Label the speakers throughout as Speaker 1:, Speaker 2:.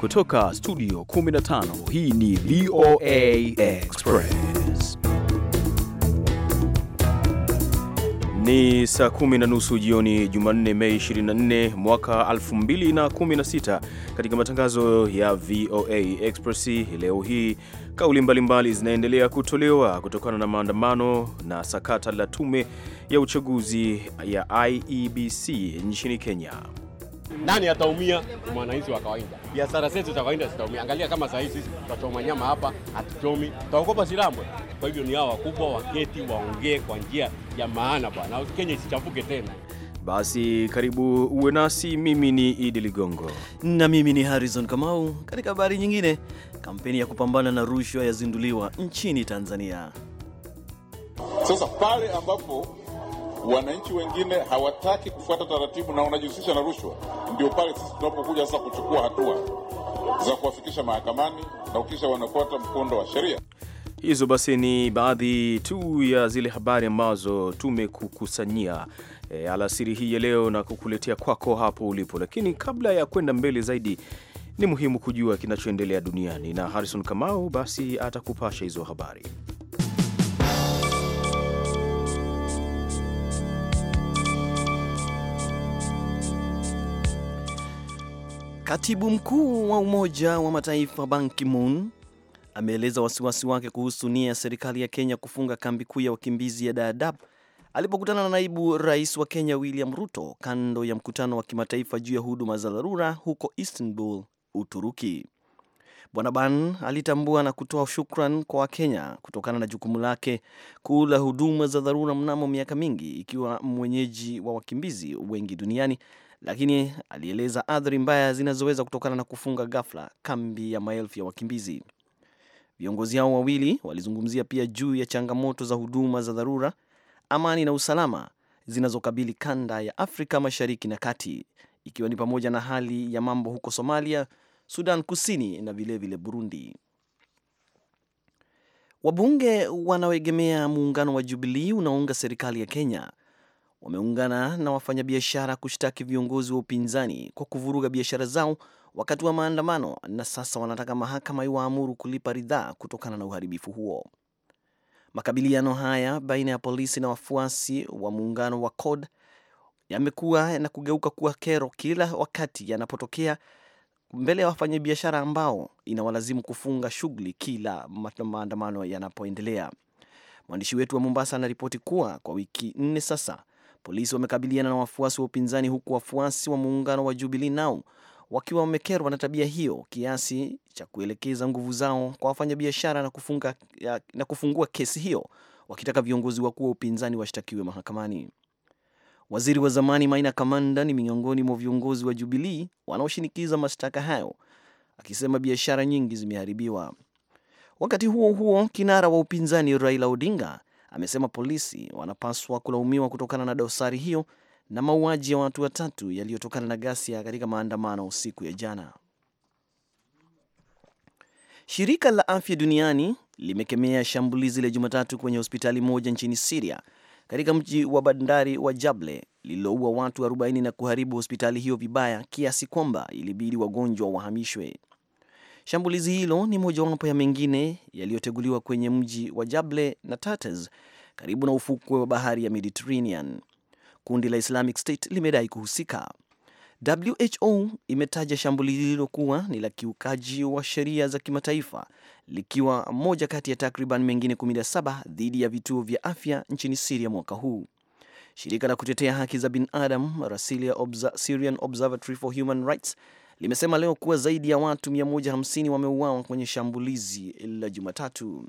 Speaker 1: Kutoka studio 15 hii ni VOA Express. Ni saa kumi na nusu jioni Jumanne, Mei 24 mwaka 2016. Katika matangazo ya VOA Express leo hii, kauli mbalimbali zinaendelea kutolewa kutokana na maandamano na sakata la tume ya uchaguzi ya IEBC nchini Kenya
Speaker 2: nani ataumia? Mwananchi wa kawaida, biashara zetu za kawaida zitaumia. Angalia kama saa hizi sisi tutachoma nyama hapa, hatuchomi, tutaogopa silambo Kwa hivyo ni hawa wakubwa waketi, waongee kwa
Speaker 1: njia ya maana bwana, Kenya isichafuke tena. Basi karibu uwe nasi. Mimi ni Idi Ligongo
Speaker 3: na mimi ni Harrison
Speaker 1: Kamau. Katika habari nyingine, kampeni ya
Speaker 3: kupambana na rushwa yazinduliwa nchini Tanzania.
Speaker 4: Sasa pale ambapo wananchi wengine hawataki kufuata taratibu na wanajihusisha na rushwa. Ndio pale sisi tunapokuja sasa kuchukua hatua za kuwafikisha mahakamani na ukisha wanafuata mkondo wa sheria.
Speaker 1: Hizo basi ni baadhi tu ya zile habari ambazo tumekukusanyia e, alasiri hii ya leo na kukuletea kwako hapo ulipo, lakini kabla ya kwenda mbele zaidi ni muhimu kujua kinachoendelea duniani na Harrison Kamau basi atakupasha hizo habari.
Speaker 3: Katibu mkuu wa Umoja wa Mataifa Ban Ki-moon ameeleza wasiwasi wake kuhusu nia ya serikali ya Kenya kufunga kambi kuu ya wakimbizi ya Dadaab alipokutana na naibu rais wa Kenya William Ruto kando ya mkutano wa kimataifa juu ya huduma za dharura huko Istanbul, Uturuki. Bwana Ban alitambua na kutoa shukran kwa Wakenya kutokana na jukumu lake kuula huduma za dharura mnamo miaka mingi, ikiwa mwenyeji wa wakimbizi wengi duniani lakini alieleza athari mbaya zinazoweza kutokana na kufunga ghafla kambi ya maelfu ya wakimbizi. Viongozi hao wawili walizungumzia pia juu ya changamoto za huduma za dharura, amani na usalama zinazokabili kanda ya Afrika Mashariki na Kati, ikiwa ni pamoja na hali ya mambo huko Somalia, Sudan Kusini na vilevile vile Burundi. Wabunge wanaoegemea muungano wa Jubilii unaounga serikali ya Kenya wameungana na wafanyabiashara kushtaki viongozi wa upinzani kwa kuvuruga biashara zao wakati wa maandamano na sasa wanataka mahakama iwaamuru kulipa ridhaa kutokana na uharibifu huo. Makabiliano haya baina ya polisi na wafuasi wa muungano wa CORD yamekuwa na kugeuka kuwa kero kila wakati yanapotokea mbele ya wafanyabiashara ambao inawalazimu kufunga shughuli kila maandamano yanapoendelea. Mwandishi wetu wa Mombasa anaripoti kuwa kwa wiki nne sasa Polisi wamekabiliana na wafuasi wa upinzani, huku wafuasi wa muungano wa Jubilee nao wakiwa wamekerwa na tabia hiyo kiasi cha kuelekeza nguvu zao kwa wafanyabiashara na na kufungua kesi hiyo wakitaka viongozi wakuu wa upinzani washtakiwe mahakamani. Waziri wa zamani Maina Kamanda ni miongoni mwa viongozi wa Jubilii wanaoshinikiza mashtaka hayo, akisema biashara nyingi zimeharibiwa. Wakati huo huo, kinara wa upinzani Raila Odinga amesema polisi wanapaswa kulaumiwa kutokana na dosari hiyo na mauaji ya watu watatu yaliyotokana na ghasia katika maandamano usiku ya jana. Shirika la Afya Duniani limekemea shambulizi la Jumatatu kwenye hospitali moja nchini Siria katika mji wa bandari wa Jable lililoua watu 40 na kuharibu hospitali hiyo vibaya kiasi kwamba ilibidi wagonjwa wahamishwe. Shambulizi hilo ni mojawapo ya mengine yaliyoteguliwa kwenye mji wa Jable na Tatas karibu na ufukwe wa bahari ya Mediterranean. Kundi la Islamic State limedai kuhusika. WHO imetaja shambulizi hilo kuwa ni la kiukaji wa sheria za kimataifa, likiwa moja kati ya takriban mengine 17 dhidi ya vituo vya afya nchini Siria mwaka huu. Shirika la kutetea haki za binadamu Syrian Observatory for Human Rights limesema leo kuwa zaidi ya watu 150 wameuawa kwenye shambulizi la Jumatatu.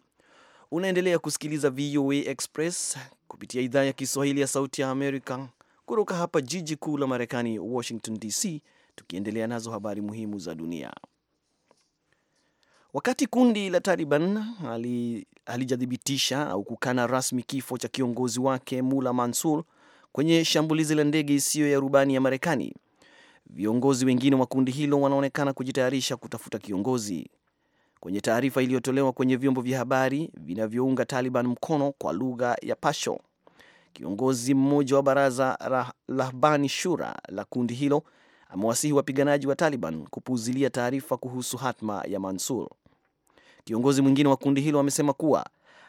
Speaker 3: Unaendelea kusikiliza VOA Express kupitia idhaa ya Kiswahili ya Sauti ya Amerika kutoka hapa jiji kuu la Marekani, Washington DC, tukiendelea nazo habari muhimu za dunia. Wakati kundi la Taliban halijathibitisha au kukana rasmi kifo cha kiongozi wake Mula Mansur kwenye shambulizi la ndege isiyo ya rubani ya Marekani, Viongozi wengine wa kundi hilo wanaonekana kujitayarisha kutafuta kiongozi. Kwenye taarifa iliyotolewa kwenye vyombo vya habari vinavyounga Taliban mkono kwa lugha ya Pasho, kiongozi mmoja wa baraza Lahbani Rahbani Shura la kundi hilo amewasihi wapiganaji wa Taliban kupuuzilia taarifa kuhusu hatma ya Mansur. Kiongozi mwingine wa kundi hilo amesema kuwa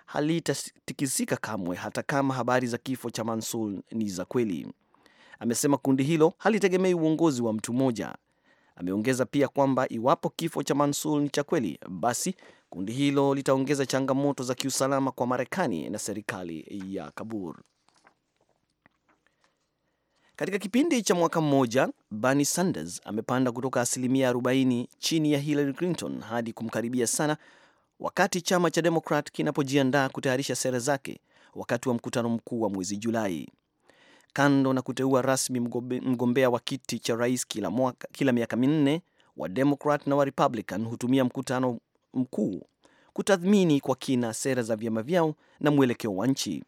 Speaker 3: halitatikisika kamwe hata kama habari za kifo cha Mansur ni za kweli. Amesema kundi hilo halitegemei uongozi wa mtu mmoja. Ameongeza pia kwamba iwapo kifo cha Mansul ni cha kweli, basi kundi hilo litaongeza changamoto za kiusalama kwa Marekani na serikali ya Kabul. Katika kipindi cha mwaka mmoja, Bernie Sanders amepanda kutoka asilimia 40 chini ya Hillary Clinton hadi kumkaribia sana, wakati chama cha Demokrat kinapojiandaa kutayarisha sera zake wakati wa mkutano mkuu wa mwezi Julai kando na kuteua rasmi mgombea wa kiti cha rais kila, mwaka, kila miaka minne wa Democrat na wa Republican hutumia mkutano mkuu kutathmini kwa kina sera za vyama vyao na mwelekeo wa nchi.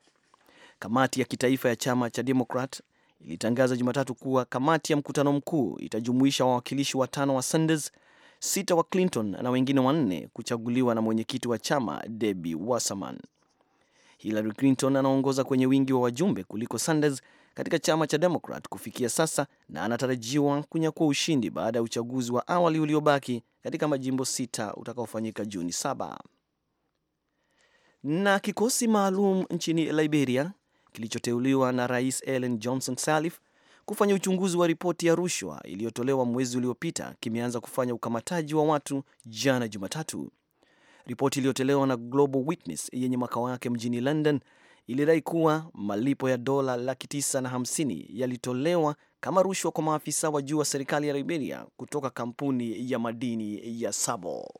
Speaker 3: Kamati ya kitaifa ya chama cha Democrat ilitangaza Jumatatu kuwa kamati ya mkutano mkuu itajumuisha wawakilishi watano wa Sanders, sita wa Clinton na wengine wanne kuchaguliwa na mwenyekiti wa chama Debbie Wasserman. Hillary Clinton anaongoza kwenye wingi wa wajumbe kuliko Sanders katika chama cha Demokrat kufikia sasa na anatarajiwa kunyakua ushindi baada ya uchaguzi wa awali uliobaki katika majimbo sita utakaofanyika Juni saba. Na kikosi maalum nchini Liberia kilichoteuliwa na Rais Ellen Johnson Sirleaf kufanya uchunguzi wa ripoti ya rushwa iliyotolewa mwezi uliopita kimeanza kufanya ukamataji wa watu jana Jumatatu. Ripoti iliyotolewa na Global Witness yenye makao yake mjini London ilidai kuwa malipo ya dola laki tisa na hamsini yalitolewa kama rushwa kwa maafisa wa juu wa serikali ya Liberia kutoka kampuni ya madini ya Sabo.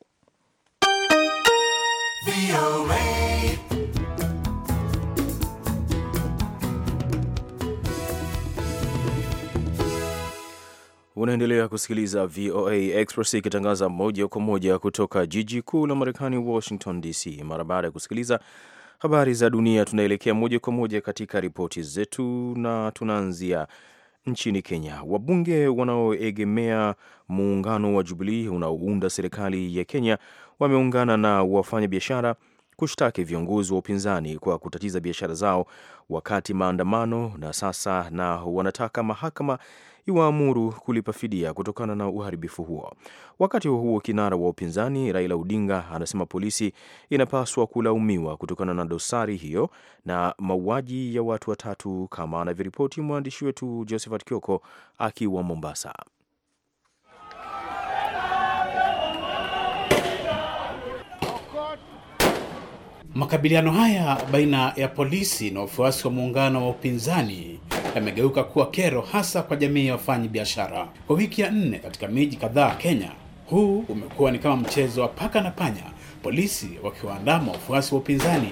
Speaker 1: Unaendelea kusikiliza VOA Express ikitangaza moja kwa moja kutoka jiji kuu la Marekani, Washington DC. Mara baada ya kusikiliza habari za dunia, tunaelekea moja kwa moja katika ripoti zetu na tunaanzia nchini Kenya. Wabunge wanaoegemea muungano wa Jubilii unaounda serikali ya Kenya wameungana na wafanya biashara kushtaki viongozi wa upinzani kwa kutatiza biashara zao wakati maandamano na sasa, na wanataka mahakama iwaamuru kulipa fidia kutokana na uharibifu huo. Wakati huo huo, kinara wa upinzani Raila Odinga anasema polisi inapaswa kulaumiwa kutokana na dosari hiyo na mauaji ya watu watatu, kama anavyoripoti mwandishi wetu Josephat Kioko akiwa Mombasa.
Speaker 5: Makabiliano haya baina ya polisi na wafuasi wa muungano wa upinzani yamegeuka kuwa kero hasa kwa jamii ya wafanyi biashara. Kwa wiki ya nne katika miji kadhaa Kenya, huu umekuwa ni kama mchezo wa paka na panya, polisi wakiwaandama wafuasi wa upinzani.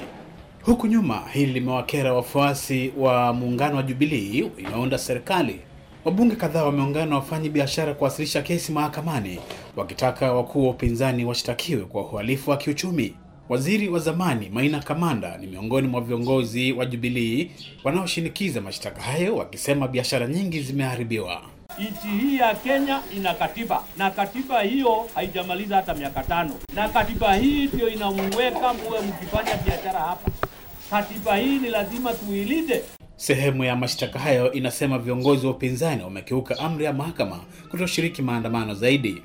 Speaker 5: Huku nyuma hili limewakera wafuasi wa muungano wa jubilii inayounda serikali. Wabunge kadhaa wameungana wafanyi biashara kuwasilisha kesi mahakamani wakitaka wakuu wa upinzani washtakiwe kwa uhalifu wa kiuchumi. Waziri wa zamani Maina Kamanda ni miongoni mwa viongozi wa Jubilii wanaoshinikiza mashtaka hayo, wakisema biashara nyingi zimeharibiwa.
Speaker 2: Nchi hii ya Kenya ina katiba na katiba hiyo haijamaliza hata miaka tano, na katiba hii ndio inamweka muwe mkifanya biashara hapa. Katiba hii ni lazima tuilinde.
Speaker 5: Sehemu ya mashtaka hayo inasema viongozi wa upinzani wamekiuka amri ya mahakama kutoshiriki maandamano zaidi.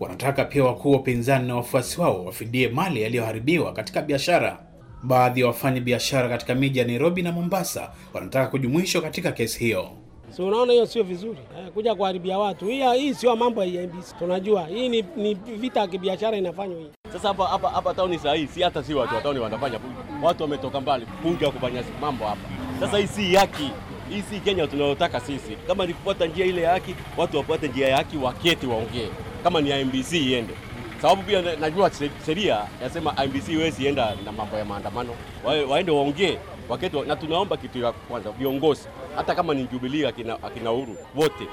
Speaker 5: Wanataka pia wakuu wa upinzani na wafuasi wao wafidie mali yaliyoharibiwa katika biashara. Baadhi ya wafanya biashara katika miji ya Nairobi na Mombasa wanataka kujumuishwa katika kesi hiyo. Si unaona hiyo sio vizuri eh, kuja kuharibia watu. Hii sio mambo ya IEBC, tunajua hii ni, ni vita ya kibiashara inafanywa hii. Sasa hapa hapa hapa
Speaker 2: tauni saa hii si hata si watu watauni wanafanya, watu wametoka mbali bunge wakufanya mambo hapa. Sasa hii si haki, hii si Kenya tunayotaka sisi. Kama ni kufuata njia ile ya haki, watu wafuate njia ya haki, waketi waongee kama ni IMBC iende, sababu pia najua sheria yasema IMBC haiwezi enda na mambo ya maandamano, waende waongee wakati, na tunaomba kitu ya kwanza viongozi, hata kama ni Jubilee akina, akina Uhuru wote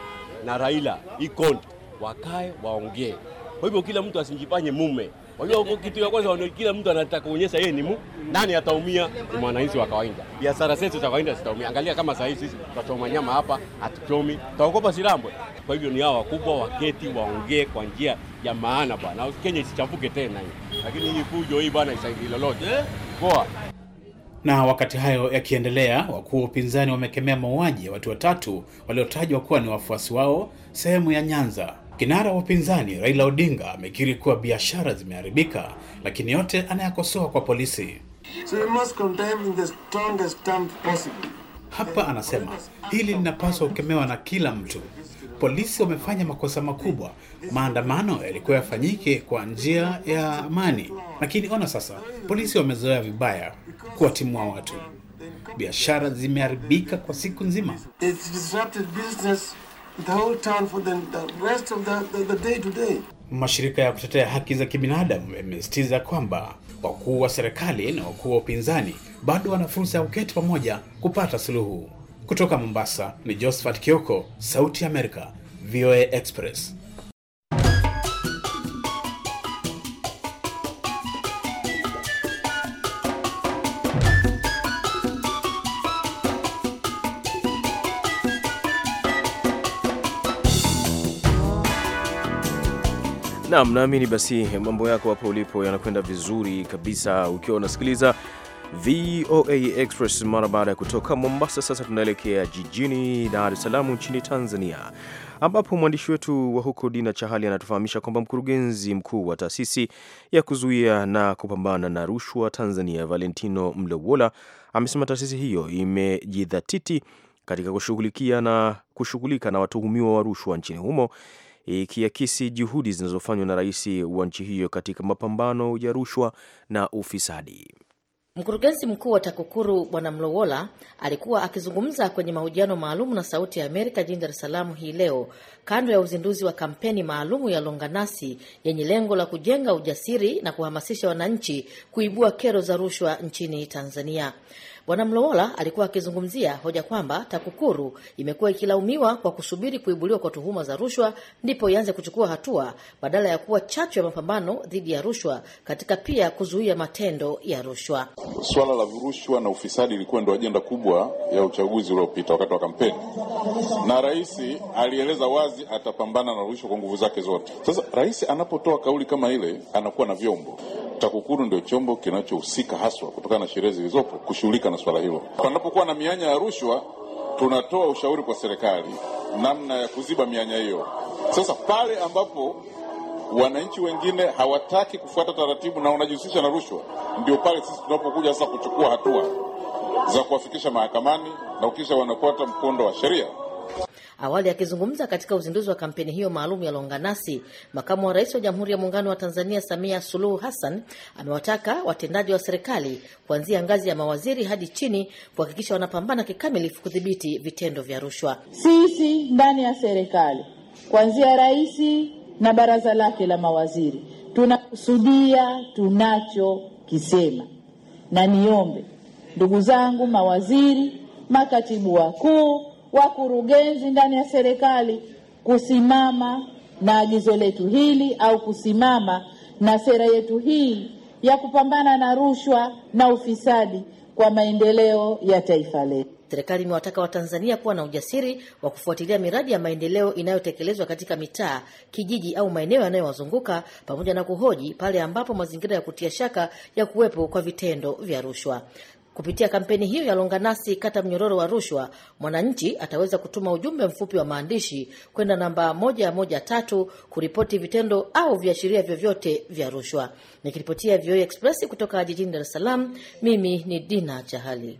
Speaker 2: na Raila icon wakae waongee. Kwa hivyo kila mtu asijifanye mume Unajua kitu ya kwanza kila mtu anataka kuonyesha yeye ni nani, ataumia ni mwananchi wa kawaida, biashara zetu za kawaida zitaumia. Angalia kama saa hizi tutachoma nyama hapa, hatuchomi, tutaogopa Silambwe. Kwa hivyo ni hao wakubwa waketi waongee kwa njia ya maana bwana, Kenya isichafuke tena hii, lakini hii fujo hii bwana isaidii lolote eh,
Speaker 5: poa. Na wakati hayo yakiendelea, wakuu wa upinzani wamekemea mauaji ya watu watatu waliotajwa kuwa ni wafuasi wao sehemu ya Nyanza. Kinara wa upinzani Raila Odinga amekiri kuwa biashara zimeharibika, lakini yote anayakosoa kwa polisi. So you must condemn in the strongest term possible. Hapa anasema hili linapaswa kukemewa na kila mtu. Polisi wamefanya makosa makubwa. Maandamano yalikuwa yafanyike kwa njia ya amani, lakini ona sasa, polisi wamezoea vibaya kuwatimua watu. Biashara zimeharibika kwa siku nzima. It's disrupted business the whole town for the, the rest of the, the, the day Mashirika ya kutetea haki za kibinadamu yamesitiza kwamba wakuu wa serikali na wakuu wa upinzani bado wana fursa ya kuketi pamoja kupata suluhu. Kutoka Mombasa ni Josephat Kioko, Sauti ya Amerika, VOA Express.
Speaker 1: Naam, naamini basi mambo yako hapo ulipo yanakwenda vizuri kabisa, ukiwa unasikiliza VOA Express mara baada ya kutoka Mombasa. Sasa tunaelekea jijini Dar es Salaam nchini Tanzania, ambapo mwandishi wetu wa huko Dina Chahali anatufahamisha kwamba mkurugenzi mkuu wa taasisi ya kuzuia na kupambana na rushwa Tanzania, Valentino Mlewola, amesema taasisi hiyo imejidhatiti katika kushughulika na watuhumiwa wa rushwa nchini humo ikiakisi juhudi zinazofanywa na rais wa nchi hiyo katika mapambano ya rushwa na ufisadi.
Speaker 6: Mkurugenzi mkuu wa TAKUKURU Bwana Mlowola alikuwa akizungumza kwenye mahojiano maalumu na Sauti ya Amerika jijini Dar es Salaam hii leo, kando ya uzinduzi wa kampeni maalumu ya Longanasi yenye lengo la kujenga ujasiri na kuhamasisha wananchi kuibua kero za rushwa nchini Tanzania. Bwana Mlowola alikuwa akizungumzia hoja kwamba TAKUKURU imekuwa ikilaumiwa kwa kusubiri kuibuliwa kwa tuhuma za rushwa ndipo ianze kuchukua hatua badala ya kuwa chachu ya mapambano dhidi ya rushwa katika pia kuzuia matendo ya rushwa.
Speaker 4: Swala la rushwa na ufisadi ilikuwa ndio ajenda kubwa ya uchaguzi uliopita wakati wa kampeni, na rais alieleza wazi atapambana na rushwa kwa nguvu zake zote. Sasa rais anapotoa kauli kama ile, anakuwa na vyombo TAKUKURU ndio chombo kinachohusika haswa kutokana na sheria zilizopo kushughulika na swala hilo. Panapokuwa na mianya ya rushwa, tunatoa ushauri kwa serikali namna ya kuziba mianya hiyo. Sasa pale ambapo wananchi wengine hawataki kufuata taratibu na wanajihusisha na rushwa, ndio pale sisi tunapokuja sasa kuchukua hatua za kuwafikisha mahakamani na kukisha wanafuata mkondo wa sheria.
Speaker 6: Awali akizungumza katika uzinduzi wa kampeni hiyo maalum ya longanasi makamu wa rais wa Jamhuri ya Muungano wa Tanzania Samia Suluhu Hassan amewataka watendaji wa serikali kuanzia ngazi ya mawaziri hadi chini kuhakikisha wanapambana kikamilifu kudhibiti vitendo vya rushwa. Sisi ndani ya serikali kuanzia rais na baraza lake la mawaziri tunakusudia tunachokisema, na niombe ndugu zangu mawaziri, makatibu wakuu wakurugenzi ndani ya serikali kusimama na agizo letu hili au kusimama na sera yetu hii ya kupambana na rushwa na ufisadi kwa maendeleo ya taifa letu. Serikali imewataka Watanzania kuwa na ujasiri wa kufuatilia miradi ya maendeleo inayotekelezwa katika mitaa, kijiji au maeneo yanayowazunguka pamoja na kuhoji pale ambapo mazingira ya kutia shaka ya kuwepo kwa vitendo vya rushwa. Kupitia kampeni hiyo ya longanasi kata mnyororo wa rushwa, mwananchi ataweza kutuma ujumbe mfupi wa maandishi kwenda namba moja moja tatu kuripoti vitendo au viashiria vyovyote vya rushwa. Nikiripotia VOA e Express kutoka jijini Dar es Salaam, mimi ni Dina Chahali.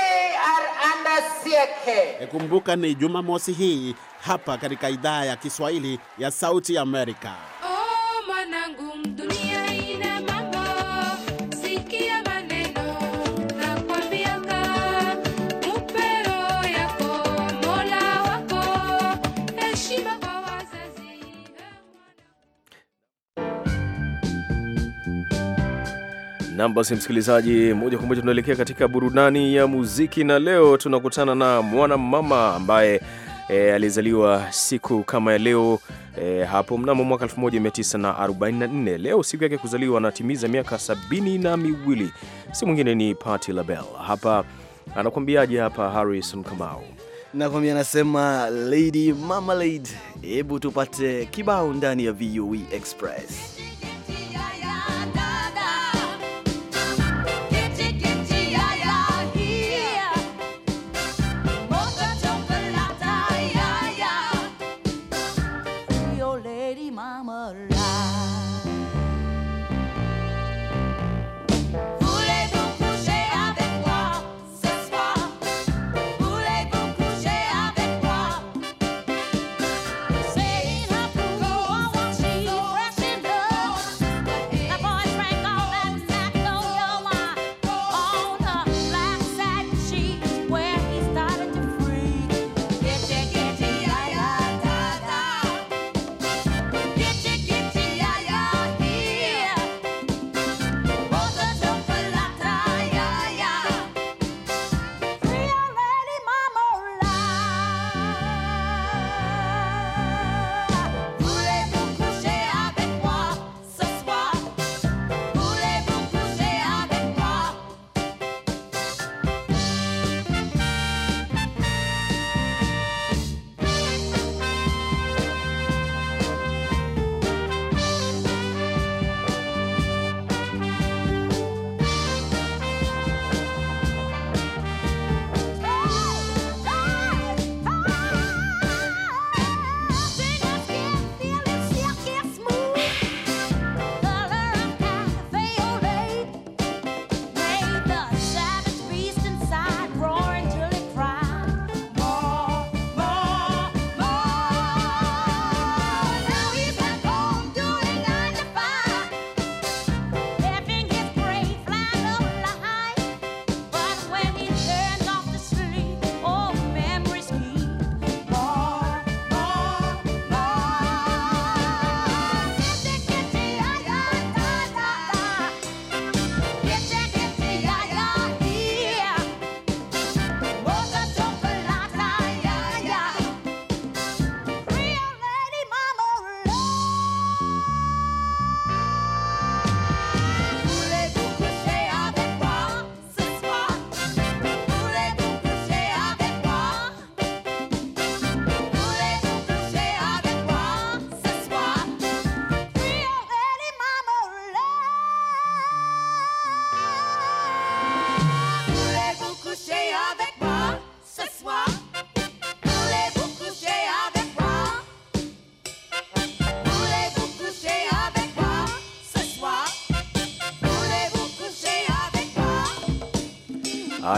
Speaker 5: yake. Kumbuka ni Jumamosi hii hapa katika idhaa ya Kiswahili ya Sauti Amerika.
Speaker 7: Oh, mwanangu mdunia
Speaker 1: Nam, basi msikilizaji, moja kwa moja tunaelekea katika burudani ya muziki, na leo tunakutana na mwanamama ambaye e, alizaliwa siku kama ya leo e, hapo mnamo mwaka 1944. Leo siku yake kuzaliwa, anatimiza miaka sabini na miwili. Si mwingine ni Patti LaBelle. Hapa anakuambiaje? Hapa Harrison Kamau
Speaker 3: nakwambia, anasema Lady Marmalade. Hebu tupate kibao ndani ya VOA e Express.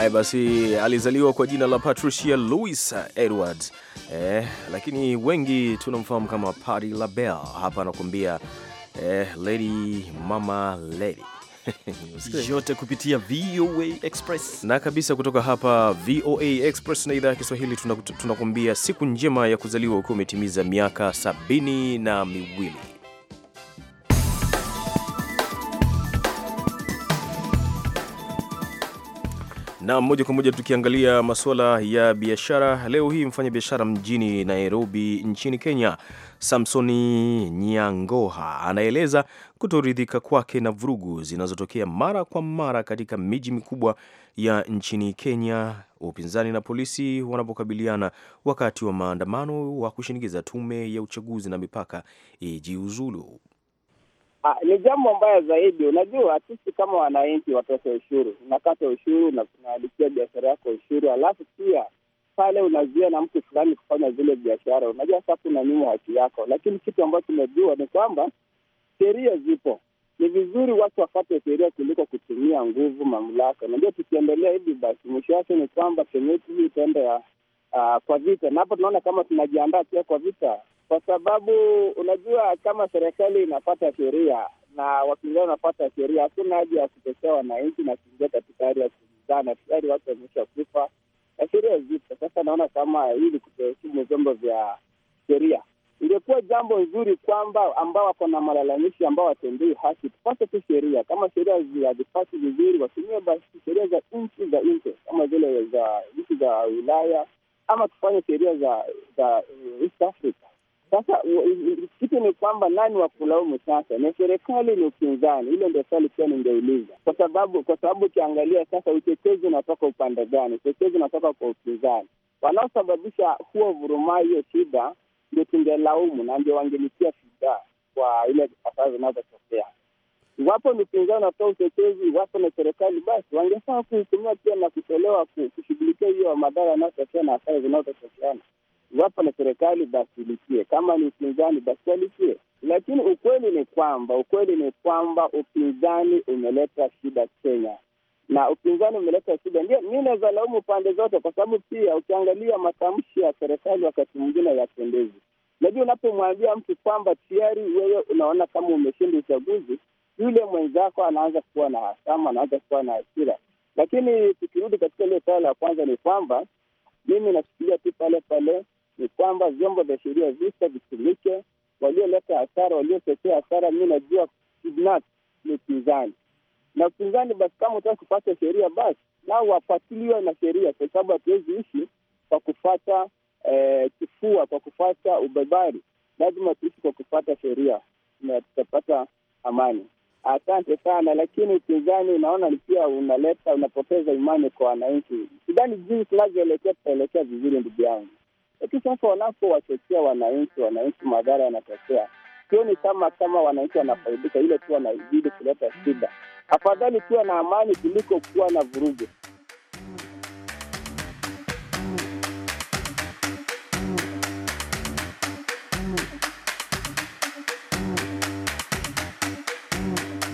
Speaker 1: Haya basi, alizaliwa kwa jina la Patricia Louis Edwards eh, lakini wengi tunamfahamu kama Patti LaBelle. Hapa anakuambia eh, lady mama lady yote kupitia VOA Express na kabisa kutoka hapa VOA Express na idhaa ya Kiswahili tunakuambia siku njema ya kuzaliwa ukiwa umetimiza miaka sabini na miwili. Na moja kwa moja tukiangalia masuala ya biashara leo hii, mfanya biashara mjini Nairobi nchini Kenya, Samsoni Nyangoha anaeleza kutoridhika kwake na vurugu zinazotokea mara kwa mara katika miji mikubwa ya nchini Kenya, upinzani na polisi wanapokabiliana wakati wa maandamano wa kushinikiza tume ya uchaguzi na mipaka ijiuzulu.
Speaker 8: Ah, ni jambo mbaya zaidi. Unajua, sisi kama wananchi watoza ushuru, unakata ushuru na unaalipia biashara yako ushuru, alafu pia pale unazuia na mtu fulani kufanya zile biashara, unajua sasa kuna nyuma haki yako. Lakini kitu ambacho tumejua ni kwamba sheria zipo, ni vizuri watu wafate sheria kuliko kutumia nguvu, mamlaka. Unajua, tukiendelea hivi basi mwisho wake ni kwamba Kenya hii itaenda ya uh, kwa vita, na hapo tunaona kama tunajiandaa pia kwa vita kwa sababu unajua kama serikali inapata sheria na wakingia wanapata sheria, hakuna haja ya kutetea wananchi na kuingia katika hali ya kuzana. Tayari watu wameisha kufa na sheria zipo. Sasa naona kama hii ni kutoheshimu vyombo vya sheria. Ingekuwa jambo zuri kwamba ambao wako na malalamishi ambao watendewi haki, tupate tu sheria. Kama sheria hazipati vizuri, watumie basi sheria za nchi za nje kama zile za nchi za wilaya, ama tufanye sheria za za East Africa sasa kitu ni kwamba nani wa kulaumu sasa, ni serikali ni upinzani? Hilo ndio swali pia ningeuliza, kwa sababu kwa sababu ukiangalia sasa utetezi unatoka upande gani? Utetezi unatoka kwa upinzani, wanaosababisha huo vurumai, hiyo shida ndio tungelaumu na ndio wangelipia shida kwa ile hasara zinazotokea. Iwapo ni upinzani unatoa utetezi, iwapo na serikali, basi wangefaa kuhukumiwa pia na kutolewa kushughulikia hiyo madhara yanayotokea na hasara zinazotokeana iwapo ni serikali basi lipie, kama ni upinzani basi alipie. Lakini ukweli ni kwamba ukweli ni kwamba upinzani umeleta shida Kenya na upinzani umeleta shida. Ndio mi naweza laumu pande zote, kwa sababu pia ukiangalia matamshi ya serikali wakati mwingine yapendezi. Najua unapomwambia mtu kwamba tayari wewe unaona kama umeshinda uchaguzi, yule mwenzako anaanza kuwa na hasama, anaanza kuwa na hasira. Lakini tukirudi katika ile suala la kwanza, ni kwamba mimi nafikiria tu pale pale ni kwamba vyombo vya sheria vipo vitumike, walioleta hasara, waliotetea hasara. Mi najua binafsi ni upinzani na upinzani, basi kama utaka kupata sheria, basi nao wafuatiliwe na sheria, kwa sababu hatuwezi ishi kwa kufata eh, kifua, kwa kufata ubebari. Lazima tuishi kwa kufata sheria na tutapata amani. Asante sana, lakini upinzani unaona ni pia unaleta unapoteza imani kwa wananchi. Sidhani jinsi tunavyoelekea tutaelekea vizuri, ndugu yangu lakini sasa wanapowachochea wananchi, wananchi madhara yanatokea. Sioni kama kama wananchi wanafaidika, ile tu wanazidi kuleta shida. Afadhali kuwa na amani kuliko kuwa na vurugu.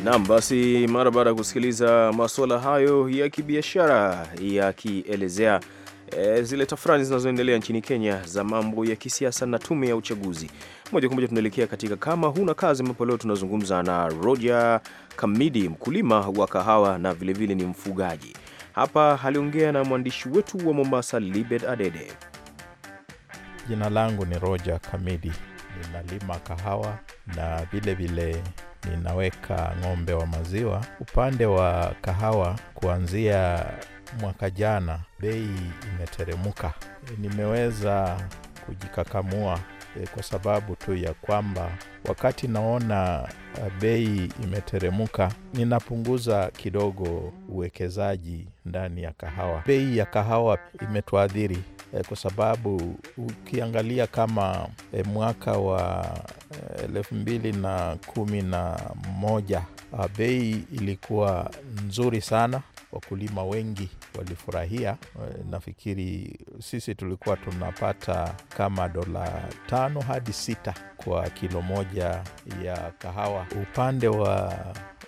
Speaker 1: Nam, basi mara baada ya kusikiliza masuala hayo ya kibiashara yakielezea e, zile tafrani zinazoendelea nchini Kenya za mambo ya kisiasa na tume ya uchaguzi. Moja kwa moja tunaelekea katika kama huna kazi, ambapo leo tunazungumza na Roger Kamidi, mkulima wa kahawa na vilevile vile ni mfugaji. Hapa aliongea na mwandishi wetu wa Mombasa, Libet Adede.
Speaker 9: Jina langu ni Roger Kamidi, ninalima kahawa na vilevile ninaweka ng'ombe wa maziwa. Upande wa kahawa, kuanzia mwaka jana bei imeteremka. Nimeweza kujikakamua eh, kwa sababu tu ya kwamba wakati naona eh, bei imeteremka, ninapunguza kidogo uwekezaji ndani ya kahawa. Bei ya kahawa imetuathiri eh, kwa sababu ukiangalia kama mwaka wa elfu mbili na kumi na moja ah, bei ilikuwa nzuri sana, wakulima wengi walifurahia. Eh, nafikiri sisi tulikuwa tunapata kama dola tano hadi sita kwa kilo moja ya kahawa. Upande wa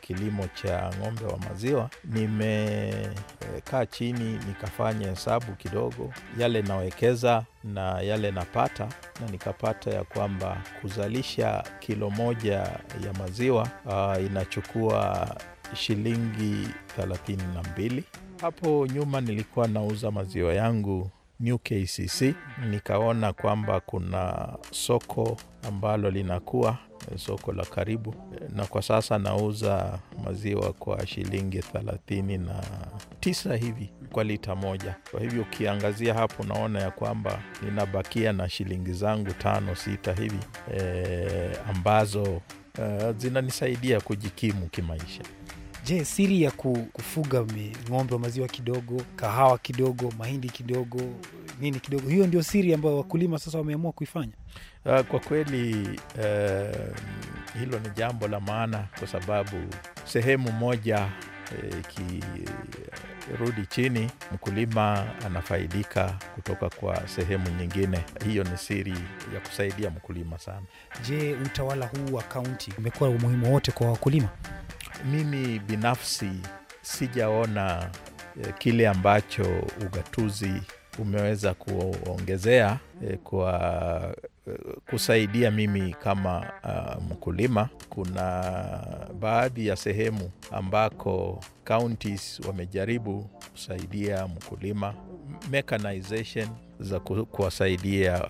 Speaker 9: kilimo cha ng'ombe wa maziwa, nimekaa chini nikafanya hesabu kidogo, yale nawekeza na yale napata, na nikapata ya kwamba kuzalisha kilo moja ya maziwa uh, inachukua shilingi thelathini na mbili hapo nyuma nilikuwa nauza maziwa yangu New KCC, nikaona kwamba kuna soko ambalo linakuwa soko la karibu, na kwa sasa nauza maziwa kwa shilingi thelathini na tisa hivi kwa lita moja. Kwa hivyo ukiangazia hapo, unaona ya kwamba ninabakia na shilingi zangu tano sita hivi e, ambazo e, zinanisaidia kujikimu kimaisha.
Speaker 5: Je, siri ya kufuga ng'ombe wa maziwa kidogo, kahawa kidogo, mahindi kidogo, nini kidogo, hiyo ndio siri ambayo wakulima sasa wameamua kuifanya?
Speaker 9: Ah, kwa kweli uh, hilo ni jambo la maana, kwa sababu sehemu moja eh, ikirudi chini, mkulima anafaidika kutoka kwa sehemu nyingine. Hiyo ni siri ya kusaidia mkulima sana.
Speaker 5: Je, utawala huu wa kaunti umekuwa umuhimu wote kwa wakulima?
Speaker 9: Mimi binafsi sijaona eh, kile ambacho ugatuzi umeweza kuongezea eh, kwa eh, kusaidia mimi kama uh, mkulima. Kuna baadhi ya sehemu ambako counties wamejaribu kusaidia mkulima mechanization za kuwasaidia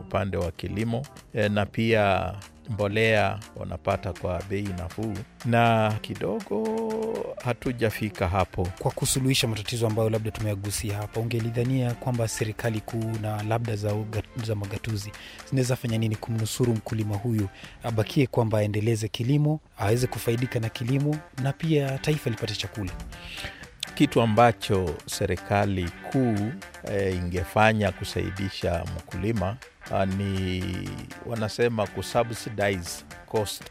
Speaker 9: upande uh, wa kilimo e, na pia mbolea wanapata kwa bei nafuu, na kidogo hatujafika hapo
Speaker 5: kwa kusuluhisha matatizo ambayo labda tumeagusia hapa. Ungelidhania kwamba serikali kuu na labda za, za magatuzi zinaweza fanya nini kumnusuru mkulima huyu, abakie kwamba aendeleze kilimo, aweze kufaidika na kilimo na pia taifa lipate chakula?
Speaker 9: Kitu ambacho serikali kuu e, ingefanya kusaidisha mkulima Ah, ni wanasema kusubsidize cost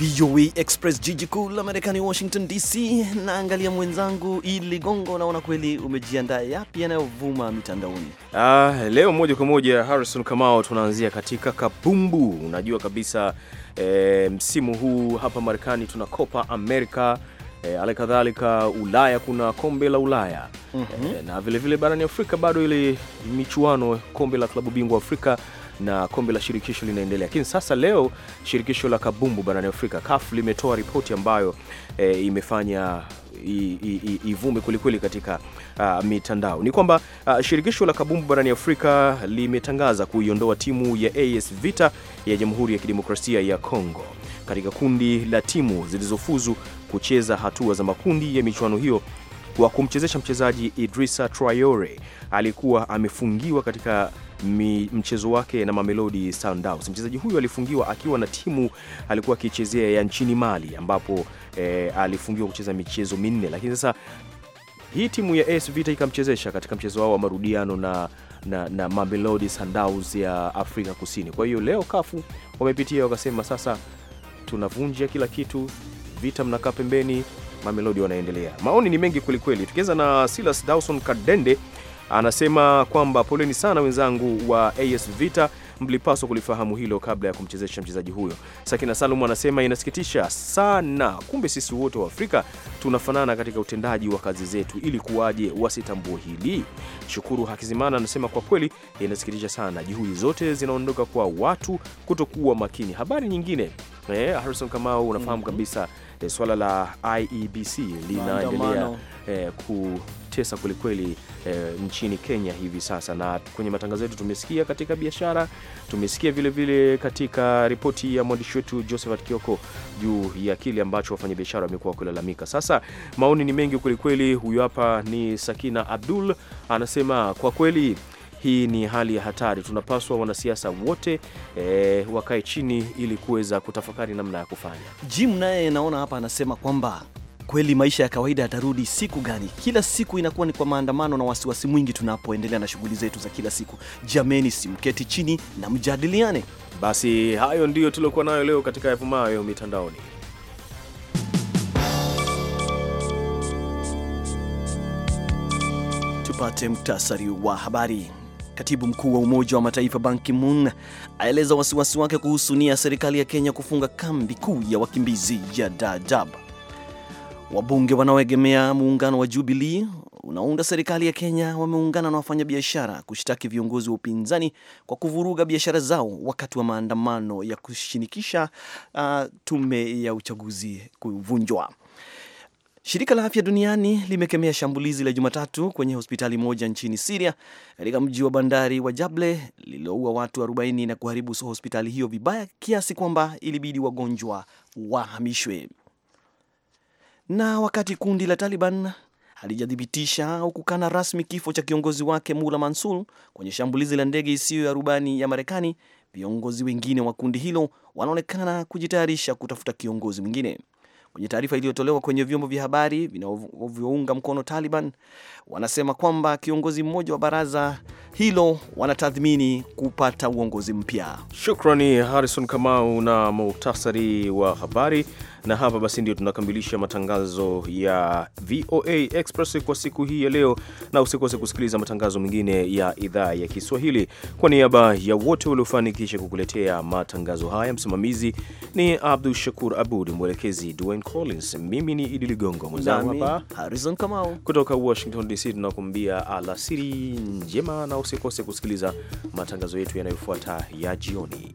Speaker 3: VOA Express, jiji kuu la Marekani, Washington DC. Naangalia mwenzangu Idi Ligongo, naona kweli umejiandaa yapi yanayovuma mitandaoni.
Speaker 1: Ah, leo moja kwa moja Harrison Kamao, tunaanzia katika kabumbu. Unajua kabisa eh, msimu huu hapa Marekani tuna Copa America E, eh, alikadhalika Ulaya kuna kombe la Ulaya mm -hmm. E, na vilevile vile barani Afrika bado ile michuano kombe la klabu bingwa Afrika na kombe la shirikisho linaendelea. Lakini sasa leo shirikisho la kabumbu barani Afrika CAF limetoa ripoti ambayo e, imefanya ivume kwelikweli katika uh, mitandao ni kwamba uh, shirikisho la kabumbu barani Afrika limetangaza kuiondoa timu ya AS Vita ya Jamhuri ya Kidemokrasia ya Kongo katika kundi la timu zilizofuzu kucheza hatua za makundi ya michuano hiyo kwa kumchezesha mchezaji Idrissa Traore alikuwa amefungiwa katika mi, mchezo wake na Mamelodi Sundowns. Mchezaji huyu alifungiwa akiwa na timu alikuwa akichezea ya nchini Mali ambapo e, alifungiwa kucheza michezo minne, lakini sasa hii timu ya AS Vita ikamchezesha katika mchezo wao wa marudiano na na, na Mamelodi Sundowns ya Afrika Kusini. Kwa hiyo leo kafu wamepitia wakasema, sasa tunavunja kila kitu, Vita mnakaa pembeni, Mamelodi wanaendelea. Maoni ni mengi kwelikweli, tukianza na Silas Dawson Kadende Anasema kwamba poleni sana wenzangu wa AS Vita, mlipaswa kulifahamu hilo kabla ya kumchezesha mchezaji huyo. Sakina Salum anasema inasikitisha sana, kumbe sisi wote wa Afrika tunafanana katika utendaji wa kazi zetu, ili kuwaje wasitambue hili? Shukuru Hakizimana anasema kwa kweli inasikitisha sana, juhudi zote zinaondoka kwa watu kutokuwa makini. Habari nyingine eh, Harrison Kamau, unafahamu mhm. kabisa eh, swala la IEBC linaendelea eh, ku yanatutesa kwelikweli e, nchini Kenya hivi sasa, na kwenye matangazo yetu tumesikia katika biashara, tumesikia vilevile vile katika ripoti ya mwandishi wetu Josephat Kioko juu ya kile ambacho wafanyabiashara wamekuwa wakilalamika. Sasa maoni ni mengi kwelikweli. Huyu hapa ni Sakina Abdul anasema, kwa kweli hii ni hali ya hatari. Tunapaswa wanasiasa wote e, wakae chini ili kuweza kutafakari namna ya kufanya. Jim naye naona hapa anasema kwamba
Speaker 3: kweli maisha ya kawaida yatarudi siku gani? Kila siku inakuwa ni kwa maandamano na wasiwasi mwingi tunapoendelea na shughuli
Speaker 1: zetu za kila siku. Jameni, simketi chini na mjadiliane. Basi hayo ndiyo tuliokuwa nayo leo katika yavumayo mitandaoni. Tupate mktasari wa habari.
Speaker 3: Katibu mkuu wa Umoja wa Mataifa Ban Ki-moon aeleza wasiwasi wake kuhusu nia ya serikali ya Kenya kufunga kambi kuu ya wakimbizi ya Dadaab. Wabunge wanaoegemea muungano wa Jubilee unaounda serikali ya Kenya wameungana na wafanyabiashara kushtaki viongozi wa upinzani kwa kuvuruga biashara zao wakati wa maandamano ya kushinikisha uh, tume ya uchaguzi kuvunjwa. Shirika la Afya Duniani limekemea shambulizi la Jumatatu kwenye hospitali moja nchini Siria katika mji wa bandari wa Jable lililoua watu 40 na kuharibu hospitali hiyo vibaya kiasi kwamba ilibidi wagonjwa wahamishwe. Na wakati kundi la Taliban halijathibitisha au kukana rasmi kifo cha kiongozi wake Mula Mansur kwenye shambulizi la ndege isiyo ya rubani ya Marekani, viongozi wengine wa kundi hilo wanaonekana kujitayarisha kutafuta kiongozi mwingine. Kwenye taarifa iliyotolewa kwenye vyombo vya habari vinavyounga mkono Taliban, wanasema kwamba kiongozi mmoja wa baraza hilo
Speaker 1: wanatathmini kupata uongozi mpya. Shukrani Harrison Kamau na muhtasari wa habari. Na hapa basi ndio tunakamilisha matangazo ya VOA Express kwa siku hii ya leo, na usikose kusikiliza matangazo mengine ya idhaa ya Kiswahili. Kwa niaba ya wote waliofanikisha kukuletea matangazo haya, msimamizi ni Abdu Shakur Abud, mwelekezi Dwayne Collins, mimi ni Idi Ligongo, mwenzangu hapa Harrison Kamau kutoka Washington DC. Tunakuambia alasiri njema, na usikose kusikiliza matangazo yetu yanayofuata ya jioni.